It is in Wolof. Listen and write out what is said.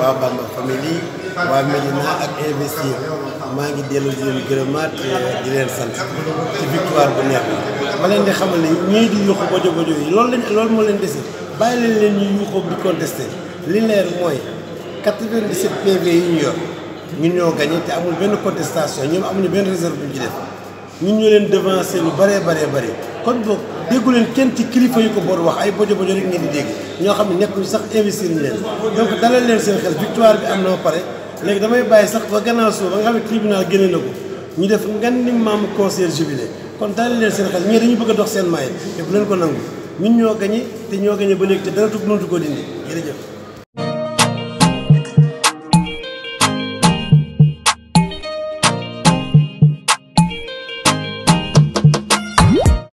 waa Bamba famille waa Medina ak investir maa ngi dellu di leen gërëmaat eh, di leen sant ci victoire bu neex bi ma leen di xamal ne ñii di yuuxu bojo bojo yi loolu lañ loolu moo leen dese bàyyi leen leen ñu yuuxoo di contesté li leer mooy 97 PV yi ñu yor ñun ñoo gagné te amul benn contestation ñoom amuñu benn réserve bu ñu ci def ñun ñoo leen devancé lu bëree bëree bëri kon boog déggu leen kenn ci kilifa yu ko boor wax ay bojo bojo rek ngeen di dégg ñoo xam ne nekkuñu sax investir ñu leen donc dalal leen seen xel victoire bi am na ba pare léegi damay bàyyi sax ba gannaaw suuf ba nga xam ne tribunal génne na ko ñu def ngan ni membre conseil jubilé kon dalal leen seen xel ñii dañu bëgg a dox seen maay te bu leen ko nangu ñun ñoo gañe te ñoo gañe ba léegi te dara tug mënatu koo dindi jërëjëf